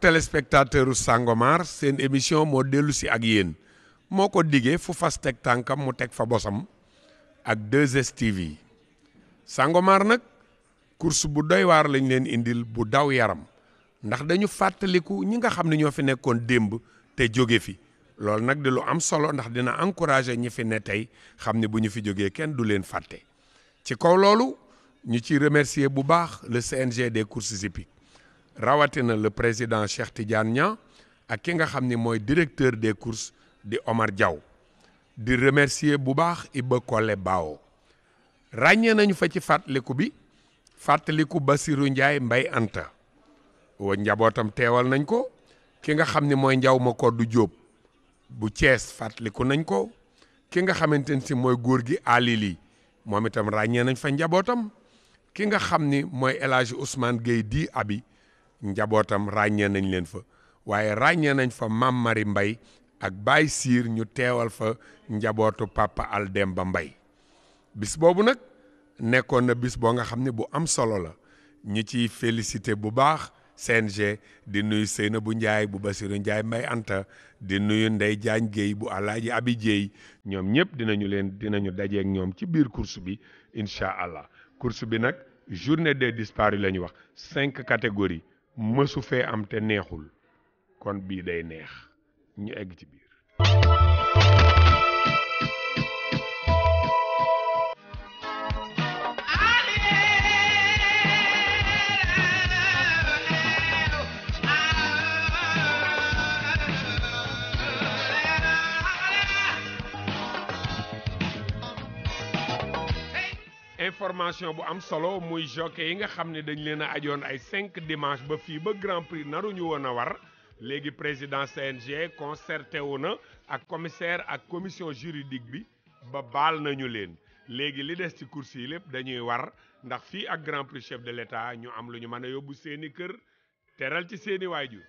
téléspectateur u Sangomar seen émission moo dellu si ak yéen moo ko diggee fu fas teg tànkam mu teg fa bosam ak 2STV Sangomar nag course bu doy waar lañ leen indil bu daw yaram ndax dañu fàttaliku ñi nga xam ne ñoo fi nekkoon démb te jóge fi loolu nag di lu am solo ndax dina encourager ñi fi ne tey xam ne bu ñu fi jógee kenn du leen fàtte ci kaw loolu ñu ci remercier bu baax le CNG des courses hippiques rawatina la président Cheikh Tidiane Niang ak ki nga xam ni mooy directeur des courses di Omar jaw di remercier bu baax Iba Kole Bao ràññee nañu fa ci fàttaliku bi fàttaliku Basirou Ndiaye Mbay Anta wa njabootam teewal nañ ko ki nga xam ni mooy Njaw ma ko du Jóob bu Cees fàttaliku nañ ko ki nga xamante ni si mooy góor gi alili moom itam ràññee nañ fa njabootam ki nga xam ni mooy élage Hadj Ousmane di abi njabootam ràññee nañ leen fa waaye ràññee nañ fa Mame Mary Mbaye ak Baye Siir ñu teewal fa njabootu papa ba mbay bis boobu nag nekkoon na bis boo nga xam ne bu am solo la ñu ciy félicité bu baax CNG di nuyu Seynabou Ndiaye bu Bassirou Ndiaye Mbaye Anta di nuyu Ndeye Diagne Guèye bu Alaaji Abi Dieye ñoom ñëpp dinañu leen dinañu dajeek ñoom ci biir course bi incha allah course bi nag journée de disparus la ñu wax cinq catégories mësu fee am te neexul kon bii day neex ñu egg ci biir information bu am solo muy jockey yi nga xam ne dañ leen a ajoon ay cinq dimanche ba fii ba grand prix naruñu woon a war léegi président CNG concerté wu na ak commissaire ak commission juridique bi ba baal nañu leen léegi li des ci course yi lépp dañuy war ndax fii ak grand prix chef de l'État ñu am lu ñu mën a yóbbu seeni kër teral ci seeni waay ju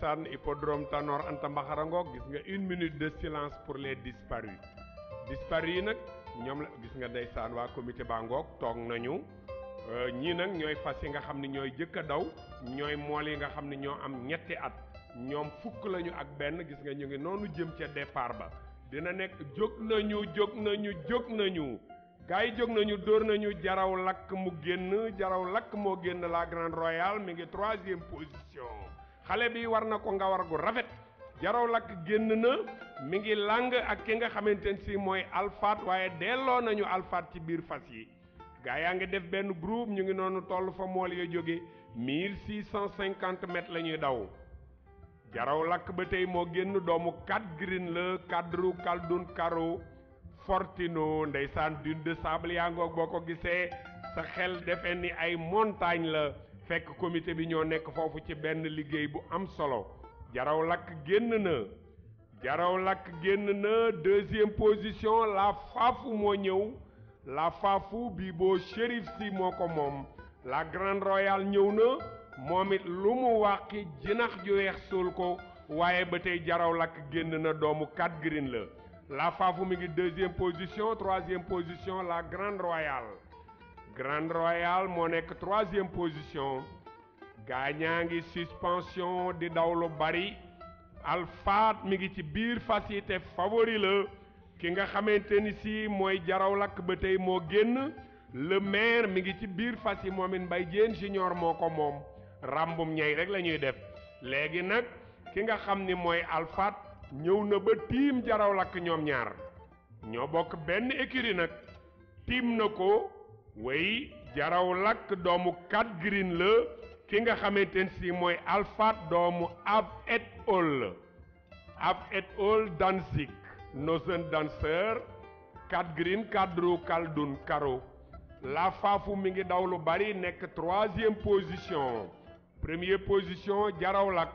san hippodrome Tanor Anta Mbaxara gis nga une minute de pour les disparus disparus yi nag ñoom gis nga ndeysaan waa comité toog nañu euh, ñii nag ñooy fas yi nga xam ne ñooy jëkk a daw ñooy mool yi nga xam ne ñoo ñetti at ñoom fukk lañu ak benn gis nga ñu ngi noonu jëm ca départ ba dina nekk jóg nañu jóg nañu jóg nañu gaa yi jóg nañu dóor nañu jaraw lakk mu génn jaraw lakk moo génn la grande royale mi ngi troisième position xale bi war na ko nga war gu rafet jaraw lakk génn na mi ngi làng ak ki nga xamante ne si mooy alfaat waaye delloo nañu alfaat ci biir fas yi gaa yaa ngi def benn groupe ñu ngi noonu toll fa mool ya jóge mille six cent la ñuy daw jaraw lakk ba tey moo génn doomu kat green kadru kaldun karo Fortino ndeysaan dune de sable yaa boo ko gisee sa xel defe ni ay montagne la fekk comité bi ñoo nekk foofu ci benn liggéey bu am solo jaraw lakk génn na jaraw génn na deuxième position la faafu moo ñëw la faafu bi boo shérif si moo ko moom la grande royale ñëw na moom it lu mu wàqi jinax ju weex suul ko waaye ba tey jaraw lakk génn na doomu kat green la la faafu mi ngi deuxième position troisième position la grande royale grande royale moo nekk troisième position gaañaa ngi suspension di daw lu bari alfaat mi ngi ci biir fas yi te favori la ki nga xamante ni si mooy jaraw lakk ba tey moo génn le maire mi ngi ci biir fas yi moom it mbay jéen moo ko moom ràmbum ñey rek la ñuy def léegi nag ki nga xam ni mooy alfaat ñëw na ba tiim jaraw ñoom ñaar ñoo bokk benn écurie nag tiim na ko way jaraw doomu kat green la ki nga xamante ne si mooy alpha doomu ab et al la ab et al Danzig nosen danseur kat green kadru kaldun karo la faafu mi ngi daw lu bari nekk troisième position première position jaraw lakk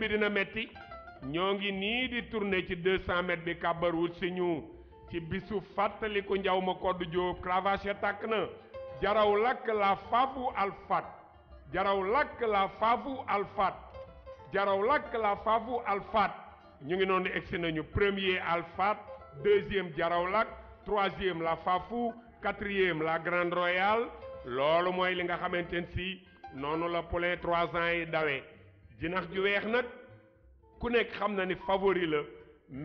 bi dina metti ñoo ngi nii di tourné ci 200 mètres bi kàbbar wut si ñu ci bisu fàttaliku njaw ma kodd jóob cravache tàkk na jaraw lakk la faafu alfat jaraw lakk la faafu alfat jaraw lakk la faafu ñu ngi noonu egsi nañu premier alfat deuxième jaraw lakk troisième la faafu quatrième la grande royale loolu mooy li nga xamante ne si noonu la poulain trois ans yi dawe jinax ju weex nag ku nekk xam na ni favori la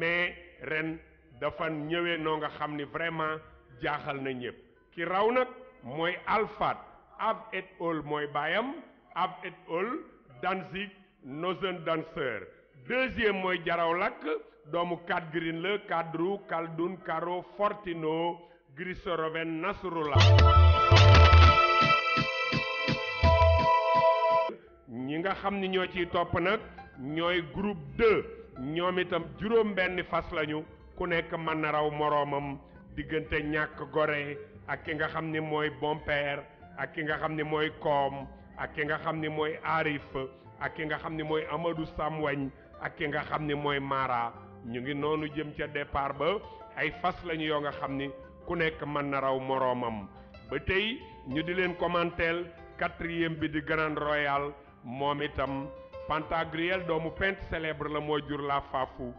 mais ren dafa ñëwee noo nga xam ni vraiment jaaxal na ñépp ki raw nag mooy Alphard Have et All mooy baayam Have et All Danzig Northern Dancer deuxième mooy jaraw lakk doomu Kat Green la Kadru Kaldun Karo Fortino Grisoroven Nasrullah ñi nga xam ni ñoo ciy topp nag ñooy groupe deux ñoom itam juróom benn fas lañu ku nekk mën na raw moroomam diggante ñàkk gore ak ki nga xam ni mooy Bompère ak ki nga xam ni mooy Koom ak ki nga xam ni mooy Arif ak ki nga xam ni mooy Amadou wañ ak ki nga xam ni mooy Mara ñu ngi noonu jëm ca départ ba ay fas lañu yoo nga xam ni ku nekk mën na raw moroomam ba tey ñu di leen commenter quatrième bi di Grand Royal moom itam Pantagruel doomu peintre célèbre la moo jur la Fafou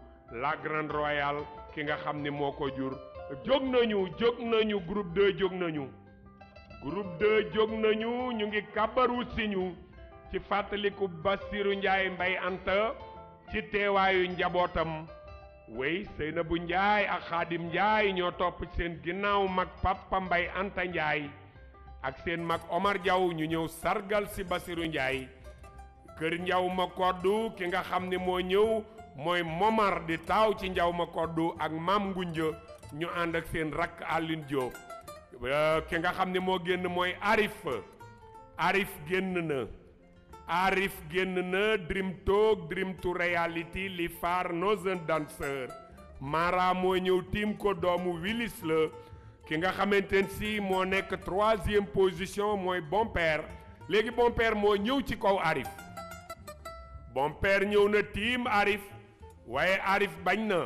la Grande Royale ki nga xam ni moo ko jur jóg nañu jóg nañu groupe 2 jóg nañu groupe 2 jóg nañu ñu ngi kabaru siñu ci fàttaliku basiiru Ndiaye Mbay Anta ci teewaayu njabootam wey Seynabou Ndiaye ak Xaadim Ndiaye ñoo topp seen ginnaaw mag Papa Mbay Anta Ndiaye ak seen mag Omar Diaw ñu ñëw sargal si Bassirou Ndiaye kër njaw ma koddu ki nga xam ni moo ñëw mooy momar di taaw ci njaw ma koddu ak maam ngunja ñu ànd ak seen rakk Aline Diop euh, ki nga xam ni moo génn mooy arif arif génn na arif génn na dream talk dream li far northern dancer mara moo ñëw tiim ko doomu Willis la ki nga xamante ne si moo nekk troisième position mooy bon léegi bon moo ñëw ci kaw arif Bompère ñëw na tiim Arif waaye Arif bañ na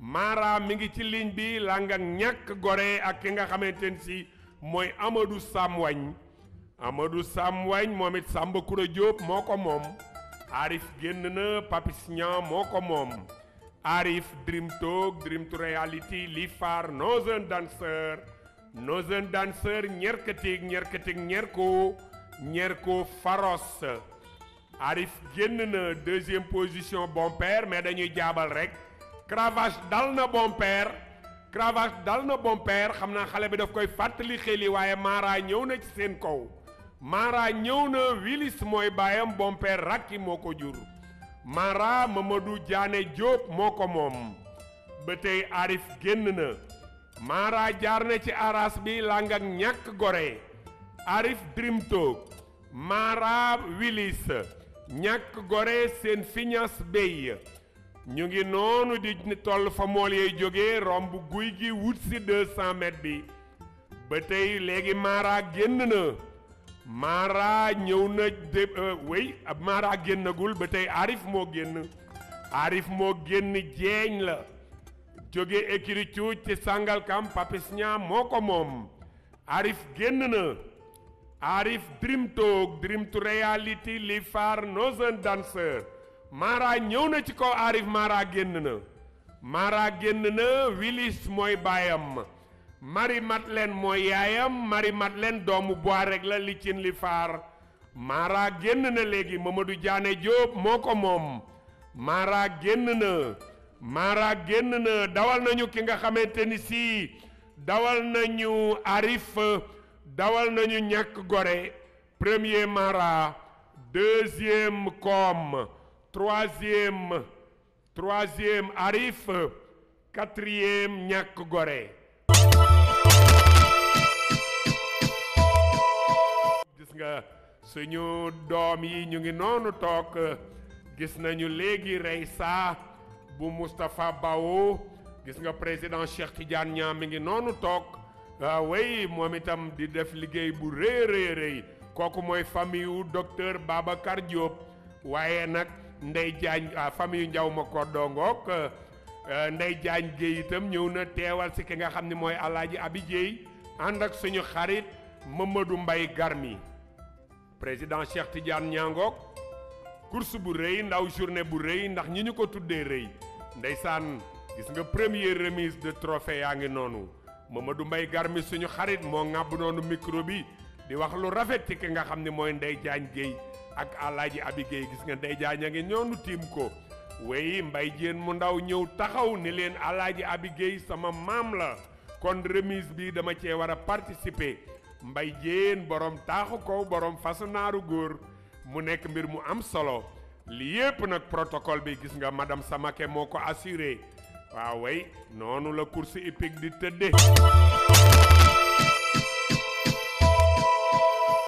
Mara mi ngi ci ligne bi lang ak ñàkk Gorée ak ki nga xamante ni si mooy Amadou Sam Wagne Amadou Sam Wagne moom it Kura Diop moo ko moom Arif génn na Papis moo ko moom Arif Dream Talk Dream to Reality Lifar Northern Dancer Northern Dancer ñerko ñerko Faros Arif génn na deuxième position bon père mais dañuy jaabal rek cravache dal na bon père dal na bon xam naa xale bi daf koy fàttali xeli waaye Mara ñëw na ci seen kaw Mara ñëw na wilis mooy baayam bon père rakki moo ko jur Mara Mamadou Diané Diop moo ko moom ba tey Arif génn na Mara jaar na ci aras bi làng ak ñàkk gore Arif Dream Talk Mara ñàkk gore seen fiñas béy ñu ngi noonu di toll fa mool yay jógee romb guy gi wut si deux bi ba tey léegi Mara génn na Mara ñëw na dé euh, wéy ab Mara génnagul ba tey Arif moo génn Arif moo génn jeeñ la jóge écrit ci sàngalkam Papis moo ko moom Arif génn na Arif Dream Talk Dream to Reality li far Northern ñëw na ci kaw Arif Mara génn na Mara génn na Willis mooy baayam Marie Madeleine mooy yaayam Marie Madeleine doomu bois rek la li cin li faar Mara génn na léegi Mamadou Diané Diop moo ko moom Mara génn na Mara dawal nañu ki nga xamante ni si dawal nañu Arif dawal nañu ñàkk gore premier mara deuxième koom troisième troisième arif quatrième ñàkk gore gis nga suñu doom yi ñu ngi noonu toog gis nañu léegi Reysa bu Moustapha Bao gis nga président Cheikh Tidiane Niang mi ngi noonu toog waaw ah way moom itam di def liggéey bu rëy rëy rëy kooku mooy famille wu docteur Babacar Diop waaye nag Ndey Jaañ ah famille yu njaw ma ko Jaañ eh, Géey itam ñëw na teewal si ki nga xam ni mooy Alaaji Abi Jéey ànd ak suñu xarit Mamadou Mbay Garmi président Cheikh Tidiane ñangook course bu rëy ndaw journée bu rëy ndax ñi ñu ko tuddee rëy ndeysaan gis nga première remise de trophée yaa ngi noonu moom Mamadou Mbaye Garmi suñu xarit moo ŋàbb noonu micro bi di wax lu rafet ci ki nga xam ni mooy Ndey Jaañ Géey ak Alaaji Abi gis nga Ndey Jaañ a ngi ñoonu tiim ko wey Mbaye Jéen mu ndaw ñëw taxaw ni leen Alaaji Abi sama maam la kon remise bi dama cee war a participer Mbaye Jéen borom taaxu kow borom fasu naaru góor mu nekk mbir mu am solo li yépp nag protocole bi gis nga sama Samake moo ko assuré waaw ah, way noonu la course hippique di tëdde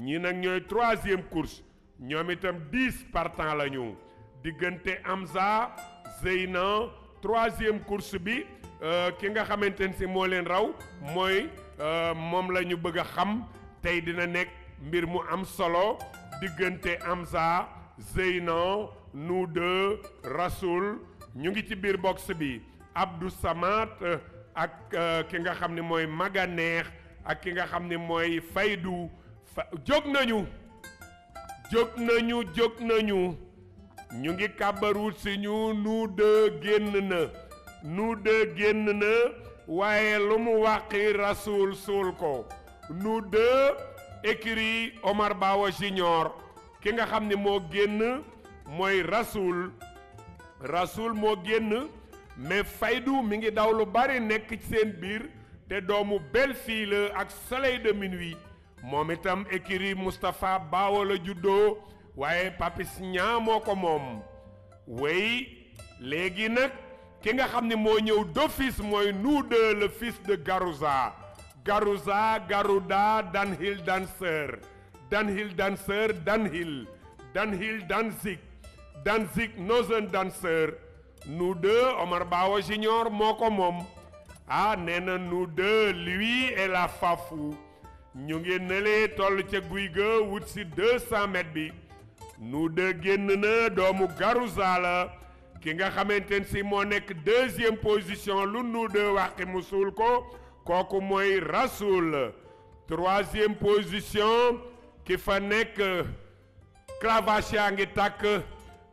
ñi nag ñooy troisième course ñoom itam dix partants la ñu diggante Amza Zeyna troisième course bi euh, ki nga xamante ne si moo leen raw mooy euh, moom lañu bëgg a xam tey dina nekk mbir mu am solo diggante Amza Zeyna nous deux ñu ngi ci biir box bi Abdou Samad euh, ak ki nga xam ni mooy Maganeex ak ki nga xam ni mooy Faydu fa jóg nañu jóg nañu jóg nañu ñu ngi kàbbaru si ñu nu de génn na nu de génn na waaye lu mu wàqi rasuul suul ko nu de écrit Omar Bawa Junior ki nga xam ni moo génn mooy rasuul rasuul moo génn mais faydu mi ngi daw lu bari nekk ci seen biir te doomu belle ak soleil de minuit moom itam écurie Moustapha Baawo la juddoo waaye papis ñaa moo ko moom wey léegi nag ki nga xam ne moo ñëw d'office mooy nous deux le fis de Garouza Garouza Garouda Danhill Danseur Danhill Danseur Danhill Danhill Danzig Danzig Northern Danseur nous deux Omar Bawo Junior moo ko moom a ah, nena na nous deux et la fafu ñu ngi nële toll ca guy ga wut si deux cent bi nous deux génn na doomu Garouza la ki nga xamante ne si moo nekk deuxième position lu nous waxi mu ko kooku mooy Rasoul troisième position ki fa nekk cravache yaa ngi tàkk.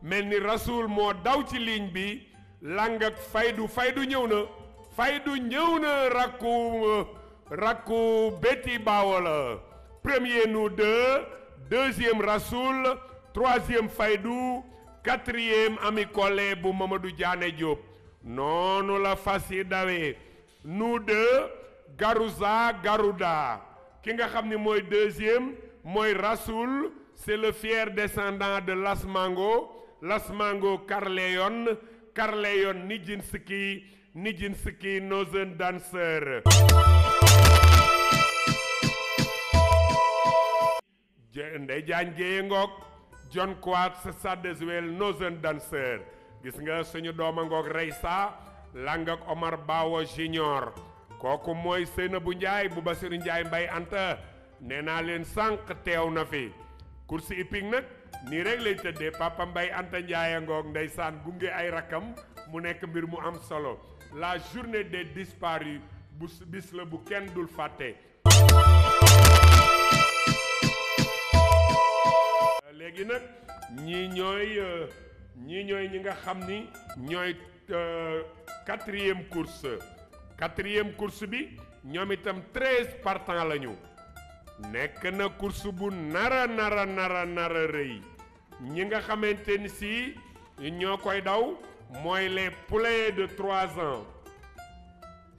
mel ni rasul moo daw ci ligne bi lang ak faydu faydu ñëw na faydu ñëw na rakku rakku Betty Bawo la premier nous deux deuxième rasoul troisième faydu quatrième ami collé bu Mamadou Diané Diop noonu la fas yi dawee nous deux Garouza Garouda ki nga xam ni mooy deuxième mooy rasoul c'est le fier descendant de Lasmango lasmango carleon carleon nijinski nijinski northern dancer ndey jaan jéye ngoog john Coates Sadderswell northern dancer gis nga suñu dooma ngoog Reysa Lang ak Omar Bawo junior kooku mooy Seynabou Ndiaye bu Basiru Ndiaye Mbay Anta nee naa leen sànq teew na fi course hippique nag nii rek lay tëddee papa Mbaye Anta Ndiaye ngoog ndeysaan gunge ay rakkam mu nekk mbir mu am solo la journée des disparus bu bis la bu kenn dul fàtte. Euh, léegi nag ñii ñooy euh, ñii ñooy ñi nga xam ni ñooy euh, quatrième course quatrième course bi ñoom itam treize partants la ñu. nekk na course bu nara nara nara nara rëy ñi nga xamante ni si ñoo koy daw mooy les poulains de trois ans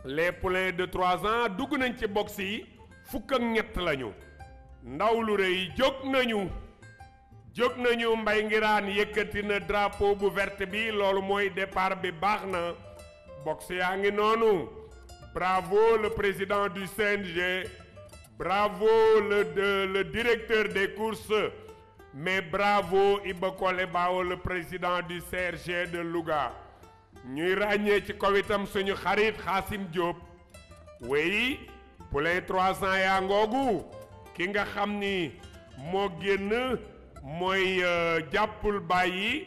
les poulains de trois ans dugg nañ ci box yi fukk ak ñett lañu ndaw lu rëy jóg nañu jóg nañu mbay ngiraan yëkkati na drapeau bu verte bi loolu mooy départ bi baax na box yaa ngi noonu bravo le président du CNG bravo le le directeur des courses mais bravo Iba Collé Bao président di CRG de Louga ñuy ràññee ci kaw itam suñu xarit Xaasim Diop wéyi poulain trois ans yaa ngoogu ki nga xam ni moo génn mooy euh, jàppul bàyyi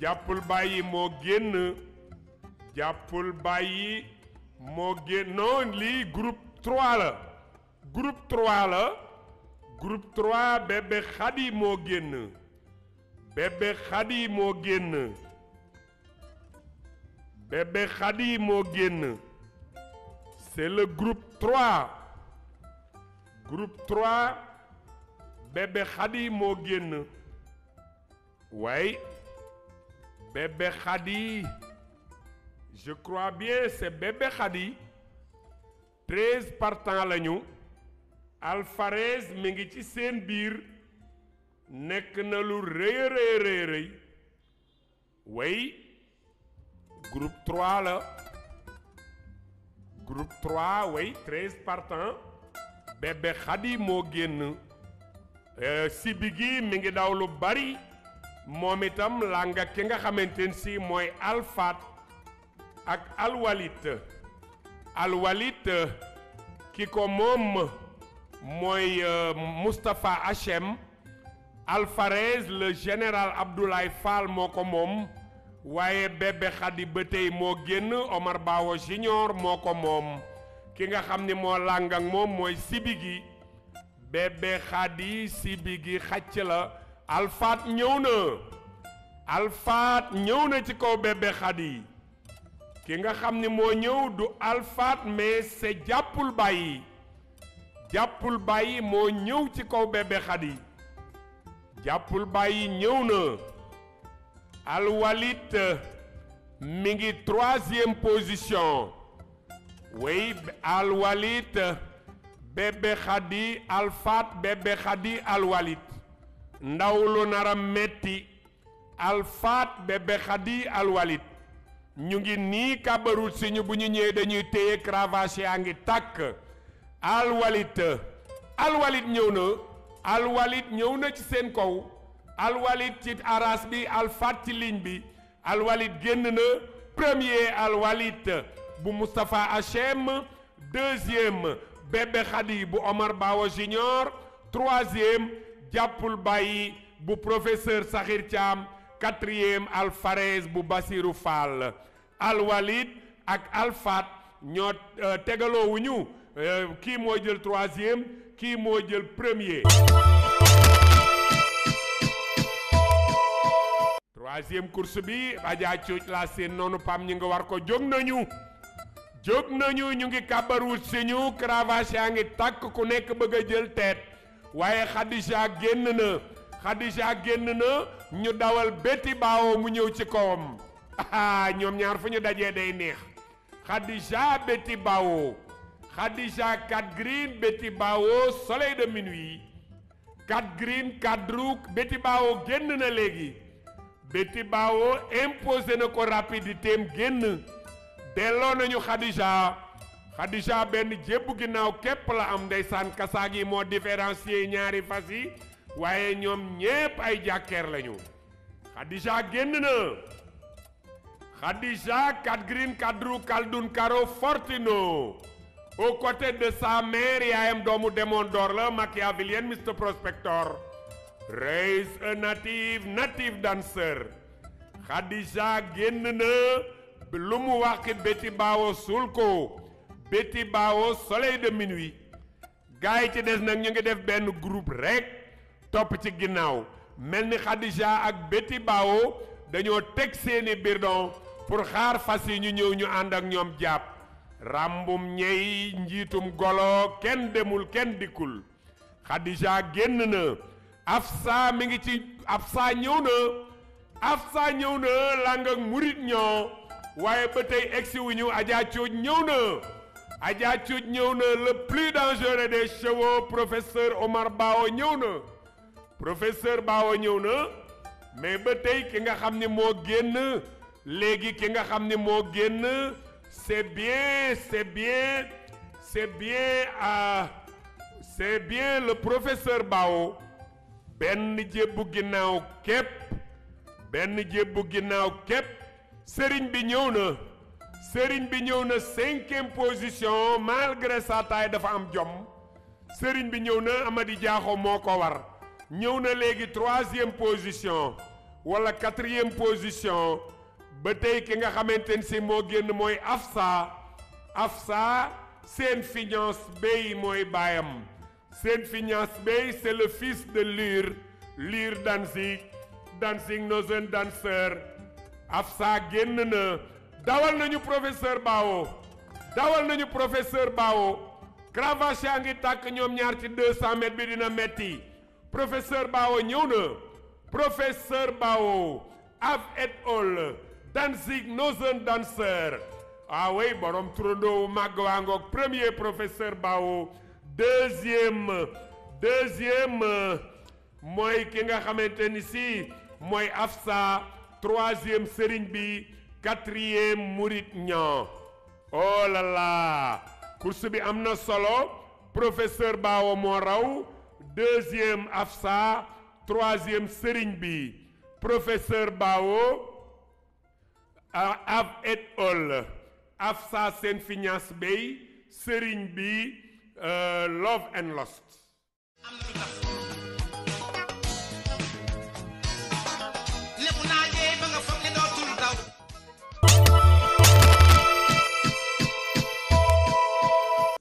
jàppul bayi moo génn jàppul bàyyi moo génn non lii groupe 3 la groupe groupe 3 bébé xadi moo génn bébé xadi moo génn bébé xadi moo génn c'est le groupe 3 groupe 3 bébé xadi moo génn waaye bébé xadi je crois bien c'est bébé xadi 13 partants lañu Alvarez mi ngi ci seen biir nekk na lu rëy rëy rëy way groupe 3 la way 13 partants bébé xadi moo génn euh, Sibigui mi ngi daw lu bari moom itam langa ki nga xamante ne si mooy alfaat ak alwalit alwalit ki ko moom mooy euh, Moustapha Hachem Alfarez la général Abdoulaye Fall moo ko moom waaye bébé xadi ba tey moo génn Omar Bawo Junior moo ko moom ki nga xam ni moo làng ak moom mooy Sibigi bébé sibi gi xàcc la Alfaat ñëw na Alfaat ñëw na ci kaw bébé xadi ki nga xam ni moo ñëw du Alfaat mais c'est jàppul bàyyi jàppul bàyyi moo ñëw ci kaw bébé xadi jàppul bàyyi ñëw na alwalit mi ngi troisième position wey alwalit bébé xadi alfaat bébé xadi alwalit ndaw lu nara metti alfaat bébé xadi alwalit ñu ngi nii kàbbarul si ñu bu ñu ñëwee dañuy téye cravache yaa ngi tàkk alwalit alwalit ñëw na alwalit ñëw na ci seen kaw alwalit ci aras bi alfaat ci ligne bi alwalit génn na premier alwalit bu Moustapha Hachem deuxième Bébé Khady bu Omar Bawa Junior troisième jàppul bàyyi bu professeur Sakhir Thiam quatrième alfarez bu Basirou Fall alwalit ak alfaat ñoo euh, tegaloo wuñu kii euh, moo jël troisième kii moo jël premier troisième course bi Adja Cuuc laa seen noonu pam ñi nga war ko jóg nañu jóg nañu ñu ngi kàbbaruut si ñu cravache yaa ngi tàkk ku nekk bëgg a jël teet waaye Khadija génn na Khadija génn na ñu dawal Betty Bao mu ñëw ci kawam ñoom ñaar fu ñu dajee day neex Khadija Betty Bao Khadija 4 Green Betty Bao soleil de minuit 4 Green génn na léegi Betty Bao imposé na ko rapidité am génn delloo nañu Khadija Khadija benn jébbu ginnaaw képp la am ndeysaan kasaag yi moo différencier ñaari fas yi waaye ñoom ñépp ay jàkkeer lañu Khadija génn na Khadija 4 Green 4 Fortino aux côtés de sa mère yaayam doomu Démondor la machiavélienne Mr Prospector raise a native native dancer Khadija génn na lu mu wàqit Betty Bao suul ko Betty Bao soleil de minuit gars ci des nag ñu ngi def benn groupe rek topp ci ginnaaw mel ni Khadija ak Betty Bao dañoo teg seeni birdon pour xaar fas yi ñu ñëw ñu ànd ak ñoom jàpp ràmbum ñey njiitum golo kenn demul kenn dikkul xadija génn na afsa mi ngi ci afsa ñëw na afsa ñëw na làng murit ñoo waaye ba tey egsi wuñu ajaa cooj ñëw na ajaa cooj ñëw na le plus dangereux des chevaux professeur Omar Bao ñëw na professeur Bao ñëw na mais ba tey ki nga xam ni moo génn léegi ki nga xam ni moo génn c'est bien, c'est bien, c'est bien à euh, c'est bien le professeur Bao benn jébbu ginnaaw képp benn jébbu ginnaaw képp sëriñ bi ñëw na sëriñ bi ñëw na cinquième position malgré sa taille dafa am jom sëriñ bi ñëw na Amady Diakho moo ko war ñëw na léegi troisième position wala quatrième position ba tey ki nga xamante ni si moo génn mooy Afsa Afsa seen finance bay mooy baayam seen finance bay c'est le fils de Lur Lur Danzig Danzig Nozen danseur Afsa génn na dawal nañu professeur Bao dawal nañu professeur Bao cravache yaa ngi tàkk ñoom ñaar ci 200 mètres bi dina metti professeur Bao ñëw na professeur Bao av et al Danzig Northern Dancer ah oui borom turandoowu màgg waa ngoog premier professeur Bao deuxième mooy ki nga xamante ni si mooy Afsa troisième Serigne bi quatrième Murit Ñan oh là là bi am na solo professeur Bao moo raw deuxième Afsa troisième Serigne bi professeur Bao. Av et al Afsa Seen sëriñ bi uh, Love and Lost.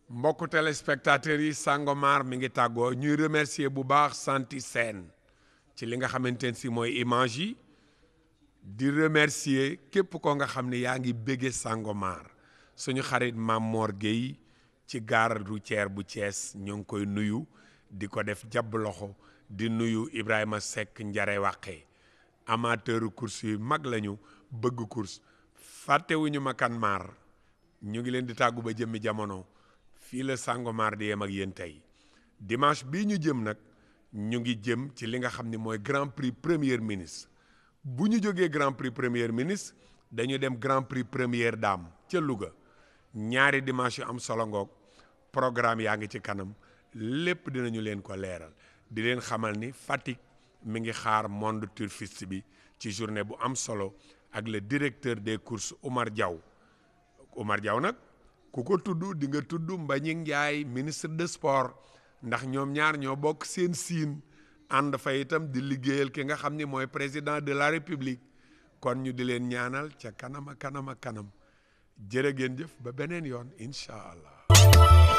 mbokku yi Sangomar mi ngi tàggoo ñuy remercier bu baax Santi seen ci li nga xamante ne si mooy image yi. di remercier képp koo nga xam ni yaa ngi bége Sangomar suñu xarit Mame Mor Gueye ci gare routière bu Thiès ñu ngi koy nuyu di ko def jàbb loxo di nuyu Ibrahima Seck njare wàqee amateur course yu mag lañu bëgg course fàttewuñu ma kan maar ñu ngi leen di tàggu ba jëmmi jamono fii la Sangomar di yem ak yéen tey dimanche bii ñu jëm nag ñu ngi jëm ci li nga xam ni mooy Grand Prix Premier ministre bu ñu jógee grand prix première ministre dañu dem grand prix première dame ca luga ñaari dimanche yu am solo ngoog programme yaa ngi ci kanam lépp dinañu leen ko leeral di leen xamal ni Fatick mi ngi xaar monde turfiste bi ci journée bu am solo ak le directeur des courses Omar Diaw Omar Diaw nag ku ko tudd di nga tudd Mbagnick Ndiaye ministre de sport ndax ñoom ñaar ñoo bokk seen siin ànd fa itam di liggéeyal ki nga xam ni mooy président de la république kon ñu di leen ñaanal ca kanam a kanam a ngeen jëf ba beneen yoon incha allah